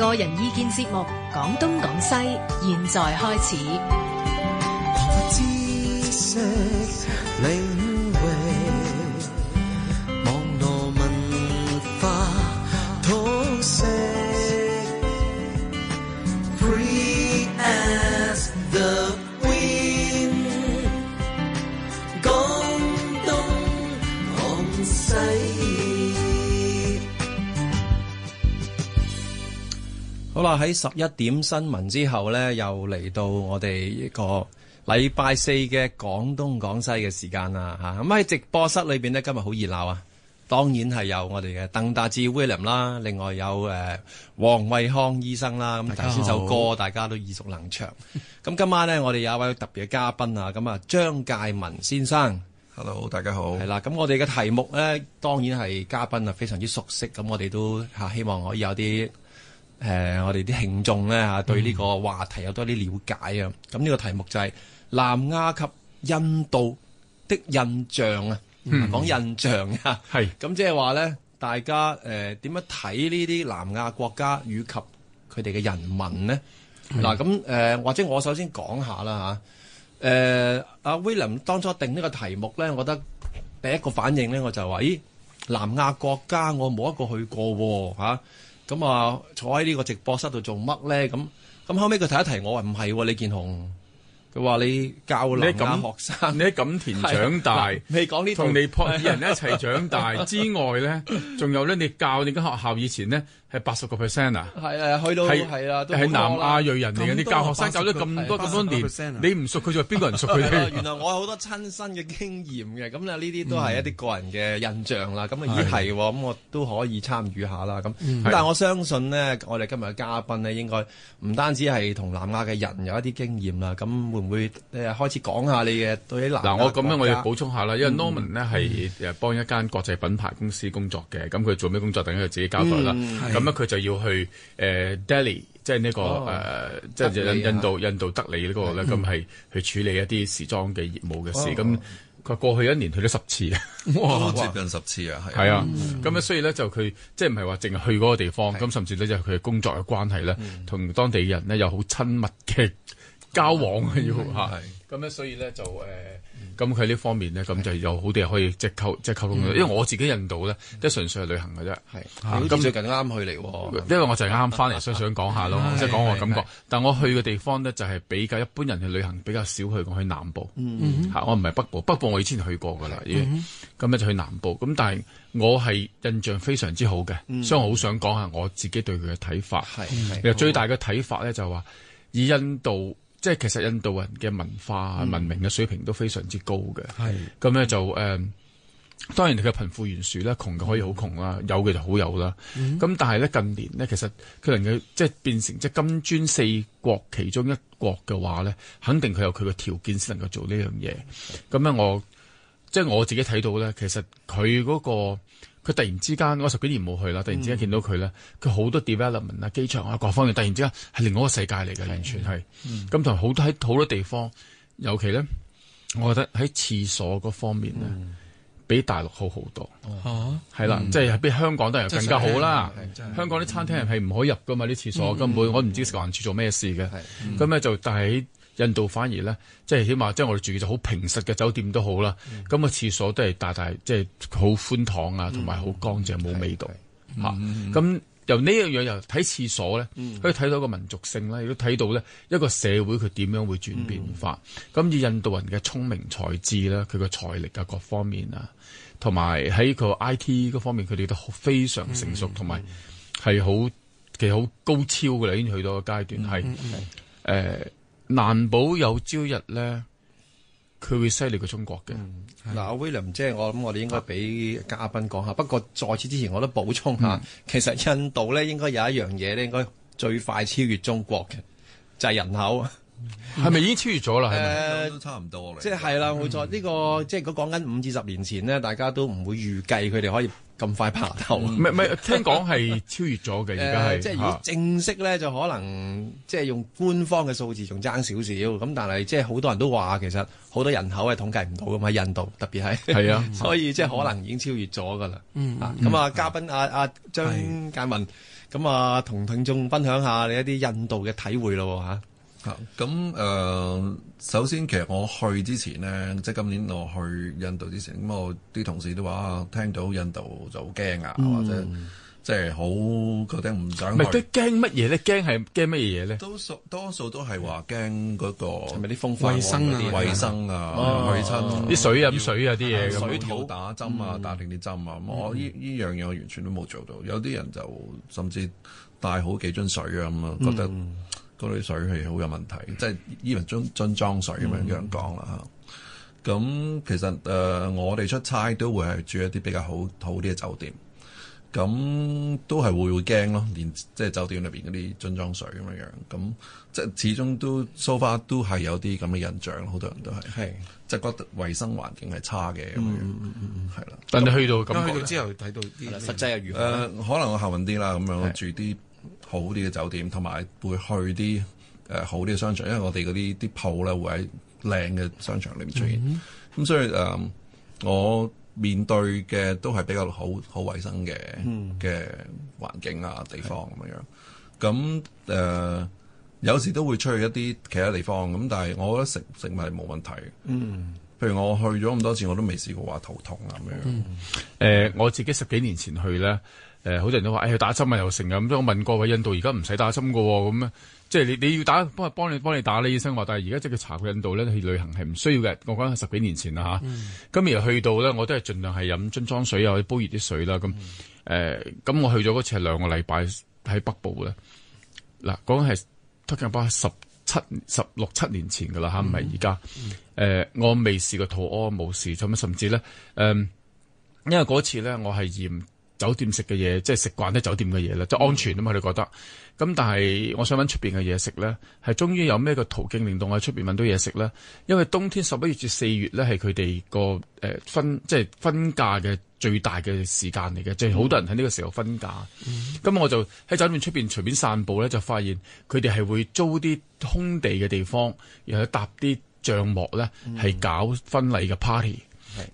個人意見節目《講東講西》，現在開始。喺十一點新聞之後呢，又嚟到我哋一個禮拜四嘅廣東廣西嘅時間啦，吓咁喺直播室裏邊呢，今日好熱鬧啊！當然係有我哋嘅鄧達智 William 啦，另外有誒黃惠康醫生啦，咁大先首歌，大家都耳熟能詳。咁今晚呢，我哋有一位特別嘅嘉賓啊，咁啊張介文先生。Hello，大家好，係啦。咁我哋嘅題目呢，當然係嘉賓啊，非常之熟悉。咁我哋都吓、啊、希望可以有啲誒、呃，我哋啲聽眾咧嚇，啊嗯、對呢個話題有多啲了解啊！咁呢個題目就係、是、南亞及印度的印象啊,、嗯、啊，講印象啊，係咁即係話咧，大家誒點、呃、樣睇呢啲南亞國家與及佢哋嘅人民呢？嗱、嗯，咁誒、啊呃、或者我首先講下啦吓，誒、啊、阿、啊、William 當初定呢個題目咧，我覺得第一個反應咧，我就話：咦，南亞國家我冇一個去過喎、啊啊咁啊，坐喺呢個直播室度做乜咧？咁咁，後尾佢提一提我話唔係李健雄，佢話你教南咁學生，你喺錦、啊、田長大，未講呢同你僕人一齊長大 之外咧，仲有咧，你教你間學校以前咧。係八十個 percent 啊！係啊，去到係係南亞裔人嚟嘅，你教學生走咗咁多咁多年，你唔熟佢就邊個人熟佢？原來我有好多親身嘅經驗嘅，咁咧呢啲都係一啲個人嘅印象啦。咁啊依係喎，咁我都可以參與下啦。咁，但係我相信呢，我哋今日嘅嘉賓咧，應該唔單止係同南亞嘅人有一啲經驗啦。咁會唔會誒開始講下你嘅對啲南亞？嗱，我咁樣我要補充下啦，因為 Norman 呢係誒幫一間國際品牌公司工作嘅，咁佢做咩工作？等佢自己交代啦。咁啊，佢就要去誒德里，即係呢個誒，即係印度印度德里呢個咧，咁係去處理一啲時裝嘅業務嘅事。咁佢過去一年去咗十次啊，接近十次啊，係啊。咁啊，所以咧就佢即係唔係話淨係去嗰個地方，咁甚至咧就佢嘅工作嘅關係咧，同當地人咧有好親密嘅交往啊要嚇。咁啊，所以咧就誒。咁佢呢方面呢，咁就又好啲可以即溝即溝通。因為我自己印度咧，都純粹係旅行嘅啫。係咁最近啱去嚟喎。因為我就啱翻嚟，所以想講下咯，即係講我感覺。但我去嘅地方呢，就係比較一般人去旅行比較少去，我去南部嚇。我唔係北部，北部我以前去過㗎啦。咁咧就去南部。咁但係我係印象非常之好嘅，所以我好想講下我自己對佢嘅睇法。係其實最大嘅睇法咧，就係話以印度。即係其實印度人嘅文化、嗯、文明嘅水平都非常之高嘅，咁咧就誒，嗯、當然佢嘅貧富懸殊咧，窮嘅可以好窮啦，有嘅就好有啦。咁、嗯、但係咧近年咧，其實佢能夠即係變成即係金磚四國其中一國嘅話咧，肯定佢有佢嘅條件先能夠做呢樣嘢。咁咧、嗯、我即係、即係、我自己睇到咧，其實佢嗰、個。佢突然之間，我十幾年冇去啦。突然之間見到佢咧，佢好多 development 啊、機場啊各方面，突然之間係另一個世界嚟嘅，完全係。咁同埋好多喺好多地方，尤其咧，我覺得喺廁所嗰方面咧，比大陸好好多。嚇，係啦，即係比香港都係更加好啦。香港啲餐廳係唔可以入噶嘛？啲廁所根本我唔知食環署做咩事嘅。咁咧就喺。印度反而咧，即係起碼即係我哋住嘅就好平實嘅酒店都好啦。咁個廁所都係大大，即係好寬敞啊，同埋好乾淨，冇味道嚇。咁由呢一樣由睇廁所咧，可以睇到個民族性啦。亦都睇到咧一個社會佢點樣會轉變化。咁以印度人嘅聰明才智啦，佢個財力啊，各方面啊，同埋喺個 I T 嗰方面，佢哋都非常成熟，同埋係好其實好高超嘅啦。已經去到個階段係誒。難保有朝日咧，佢會犀利過中國嘅。嗱、嗯、是，William，即係我諗我哋應該俾嘉賓講下。不過在此之前，我都補充下，嗯、其實印度咧應該有一樣嘢，咧，應該最快超越中國嘅，就係、是、人口。係咪已經超越咗啦？係咪都差唔多咧？即係啦，冇錯呢個，即係如果講緊五至十年前呢，大家都唔會預計佢哋可以咁快爬頭。唔係唔係，聽講係超越咗嘅，而家係即係如果正式咧，就可能即係用官方嘅數字仲爭少少咁，但係即係好多人都話，其實好多人口係統計唔到嘅，喺印度特別係係啊，所以即係可能已經超越咗噶啦。咁啊，嘉賓啊，阿張介文咁啊，同聽眾分享下你一啲印度嘅體會咯吓。啊，咁誒，首先其實我去之前咧，即係今年我去印度之前，咁我啲同事都話，聽到印度就好驚啊，或者即係好覺得唔想去。佢驚乜嘢咧？驚係驚乜嘢咧？多數多數都係話驚嗰個係咪啲風化、衛生、衛生啊、衞生啲水飲水啊啲嘢，水土打針啊、打定啲針啊。我呢呢樣嘢我完全都冇做到，有啲人就甚至帶好幾樽水啊咁咯，覺得。嗰啲水係好有問題，即係依樣樽樽裝水咁樣樣講啦嚇。咁、嗯、其實誒、呃，我哋出差都會係住一啲比較好好啲嘅酒店，咁都係會驚咯。連即係酒店裏邊嗰啲樽裝水咁樣樣，咁即係始終都 so far 都係有啲咁嘅印象，好多人都係係，就是覺得衞生環境係差嘅咁樣樣，係啦。但你但去到，去到之後睇到實際又如何、呃？可能我幸運啲啦，咁樣住啲的。的好啲嘅酒店，同埋會去啲誒、呃、好啲嘅商場，因為我哋嗰啲啲鋪咧會喺靚嘅商場裏面出現，咁、嗯哼嗯、所以誒、uh，我面對嘅都係比較好好衛生嘅嘅環境啊地方咁是樣，咁、呃、誒有時都會出去一啲其他地方，咁但係我覺得食食物係冇問題嘅，嗯，譬如我去咗咁多次，我都未試過話肚痛啊咁樣，誒、嗯呃、我自己十幾年前去咧。呢呢嗯誒，好多人都話，誒、哎、打針啊又成日咁，所以我問過位，印度而家唔使打針噶、啊，咁咧，即係你你要打，幫，幫你幫你打咧，醫生話，但係而家即係查印度咧去旅行係唔需要嘅，我講係十幾年前啦吓，咁、嗯嗯嗯、而去到咧，我都係盡量係飲樽裝水啊，或者煲熱啲水啦，咁，誒，咁我去咗嗰次係兩個禮拜喺北部嘅，嗱，講係 talking about 十七十六七年前噶啦吓，唔係而家，誒在、嗯嗯，我未試過肚屙冇事，咁甚至咧，誒、嗯，因為嗰次咧我係驗。酒店食嘅嘢，即係食慣啲酒店嘅嘢啦，就安全啊嘛，佢、hmm. 哋覺得。咁但係我想揾出邊嘅嘢食咧，係終於有咩個途徑令到我喺出邊揾到嘢食咧？因為冬天十一月至四月咧，係佢哋個誒婚，即係婚嫁嘅最大嘅時間嚟嘅，即係好多人喺呢個時候婚嫁。咁、mm hmm. 我就喺酒店出邊隨便散步咧，就發現佢哋係會租啲空地嘅地方，然後搭啲帳幕咧、mm，係搞婚禮嘅 party。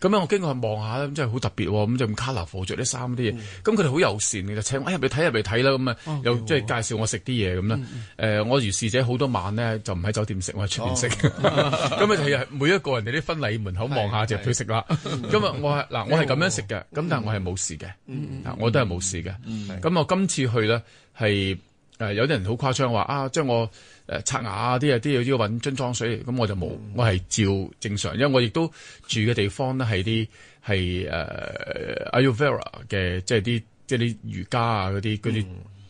咁樣我經過望下咧，咁真係好特別喎，咁就用卡 o l 着啲衫啲嘢，咁佢哋好友善嘅，就請我，入嚟睇入嚟睇啦，咁啊，又即係介紹我食啲嘢咁啦。誒，我如是者好多晚咧就唔喺酒店食，我喺出面食。咁啊，就係每一個人哋啲婚禮門口望下就去食啦。今日我係嗱，我係咁樣食嘅，咁但係我係冇事嘅，我都係冇事嘅。咁我今次去咧係。誒、呃，有啲人好誇張話啊，將我誒刷牙啊啲啊啲要要搵樽裝水嚟。咁我就冇，嗯、我係照正常，因為我亦都住嘅地方咧係啲係誒 Ayurveda 嘅，即係啲即係啲瑜伽啊嗰啲啲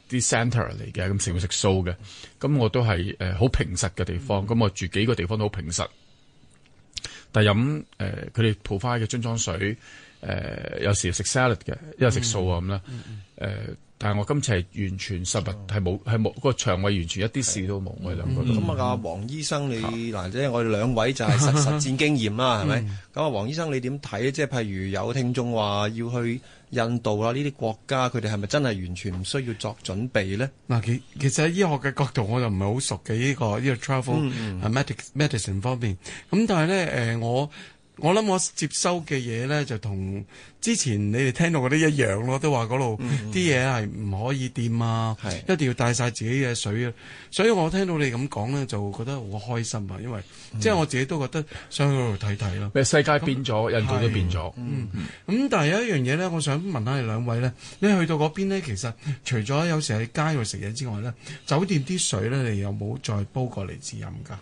啲 center 嚟嘅。咁、嗯、食唔食素嘅，咁我都係誒好平實嘅地方，咁、嗯、我住幾個地方都好平實，但係飲誒佢哋泡花嘅樽裝水，誒、呃、有時食 salad 嘅，又食素啊咁啦，誒。嗯嗯嗯但係我今次係完全實物，係冇係冇個腸胃，完全一啲事都冇。是我哋兩個咁啊，黃、mm hmm. 醫生，你嗱，即係我哋兩位就係實實戰經驗啦，係咪 ？咁啊，黃醫生你點睇？即係譬如有聽眾話要去印度啊呢啲國家佢哋係咪真係完全唔需要作準備呢？嗱，其其實喺醫學嘅角度，我就唔係好熟嘅呢、呢個呢、呢個 travel 啊，medicine medicine 方面。咁但係咧，誒、呃、我。我諗我接收嘅嘢咧，就同之前你哋聽到嗰啲一樣咯，都話嗰度啲嘢係唔可以掂啊，嗯、一定要帶晒自己嘅水啊。的所以我聽到你咁講咧，就覺得好開心啊，因為即係、嗯、我自己都覺得想去嗰度睇睇咯。世界變咗，印度都變咗。咁、嗯嗯、但係有一樣嘢咧，我想問，問下你兩位咧，你去到嗰邊咧，其實除咗有時喺街度食嘢之外咧，酒店啲水咧，你有冇再煲過嚟自飲㗎？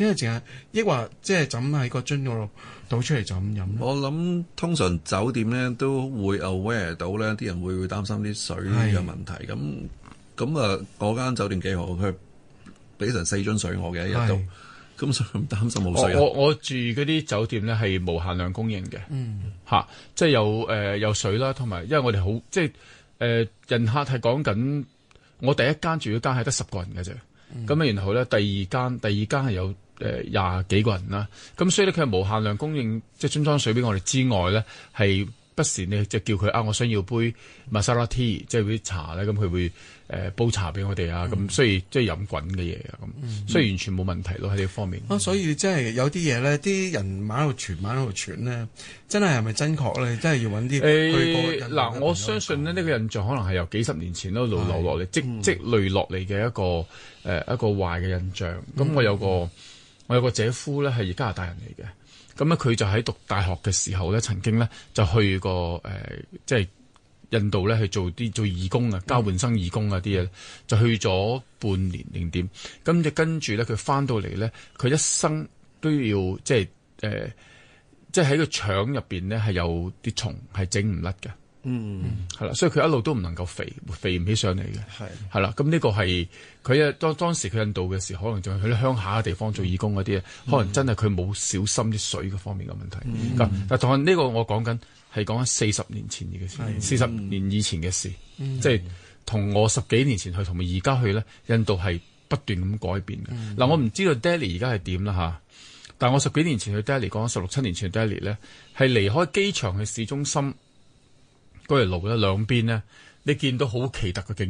因為淨係，抑或即係就咁喺個樽嗰度倒出嚟就咁飲。我諗通常酒店咧都會 aware 到咧，啲人會擔心啲水嘅問題。咁咁啊，嗰間酒店幾好，佢俾成四樽水我嘅一日都。咁的所以唔擔心冇水。我我，我住嗰啲酒店咧係無限量供應嘅。嗯，嚇、啊，即係有誒、呃、有水啦，同埋因為我哋好即係誒、呃，人客係講緊我第一間住嗰間係得十個人嘅啫。咁啊、嗯，然後咧第二間，第二間係有。誒廿幾個人啦，咁所以咧佢係無限量供應，即係樽裝水俾我哋之外咧，係不時咧就叫佢啊，我想要杯 masala tea 啦、呃嗯，即係啲茶咧，咁佢會誒煲茶俾我哋啊，咁所以即係飲滾嘅嘢啊，咁所以完全冇問題咯喺呢方面。啊、所以即係有啲嘢咧，啲人喺度傳，喺度傳咧，真係係咪真確咧？真係要揾啲誒嗱，哎、我相信呢，呢個印象可能係由幾十年前都留落嚟積積累落嚟嘅一個誒、嗯、一個壞嘅印象。咁我有個。我有個姐夫咧，係加拿大人嚟嘅，咁咧佢就喺讀大學嘅時候咧，曾經咧就去過誒、呃，即係印度咧去做啲做義工啊，交換生義工啊啲嘢，就、嗯、去咗半年定點，咁就跟住咧佢翻到嚟咧，佢一生都要即係誒，即係喺個腸入邊咧係有啲蟲，係整唔甩嘅。嗯，係啦、mm hmm.，所以佢一路都唔能夠肥，肥唔起上嚟嘅係係啦。咁呢的個係佢當當時佢印度嘅時候，可能仲係喺鄉下嘅地方做義工嗰啲咧，mm hmm. 可能真係佢冇小心啲水方面嘅問題。咁、mm hmm. 但同呢個我講緊係講緊四十年前嘅事，四十、mm hmm. 年以前嘅事，即係同我十幾年前去同埋而家去呢，印度係不斷咁改變嘅嗱、mm hmm.。我唔知道 Delhi 而家係點啦吓，但係我十幾年前去 Delhi，講緊十六七年前 Delhi 咧，係離開機場去市中心，中心。Mm hmm. 嗰條路咧，兩邊咧，你見到好奇特嘅景。